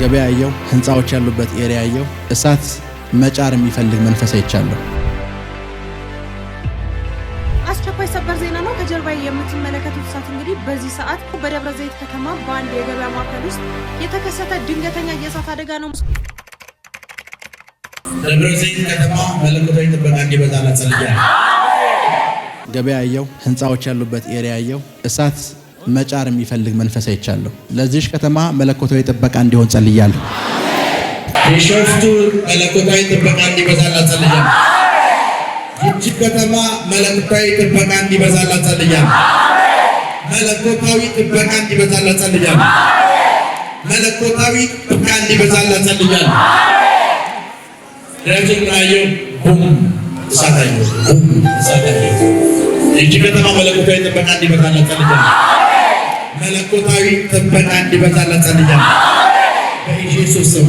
ገበያ ያየው ህንፃዎች ያሉበት ኤሪያ ያየው እሳት መጫር የሚፈልግ መንፈስ አይቻለሁ። አስቸኳይ ሰበር ዜና ነው። ከጀርባ የምትመለከቱት እሳት እንግዲህ በዚህ ሰዓት በደብረ ዘይት ከተማ በአንድ የገበያ ማዕከል ውስጥ የተከሰተ ድንገተኛ የእሳት አደጋ ነው። ገበያ ያየው ህንፃዎች ያሉበት ኤሪያ ያየው እሳት መጫር የሚፈልግ መንፈስ አይቻለሁ። ለዚሽ ከተማ መለኮታዊ ጥበቃ እንዲሆን ጸልያለሁ። የሾፍቱ መለኮታዊ ጥበቃ እንዲበዛላ ጸልያለሁ። ይቺ ከተማ መለኮታዊ ጥበቃ እንዲበዛላ ጸልያለሁ። መለኮታዊ ጥበቃ እንዲበዛላ ጸልያለሁ። መለኮታዊ ጥበቃ እንዲበዛላ ጸልያለሁ። ረጅናየው ሁም እሳታየ ሁም እሳታየ ይቺ ከተማ መለኮታዊ ጥበቃ እንዲበዛላ ጸልያለሁ። መለኮታዊ ጥበቃ እንዲበዛለት ጸልያለሁ በኢየሱስ ስም።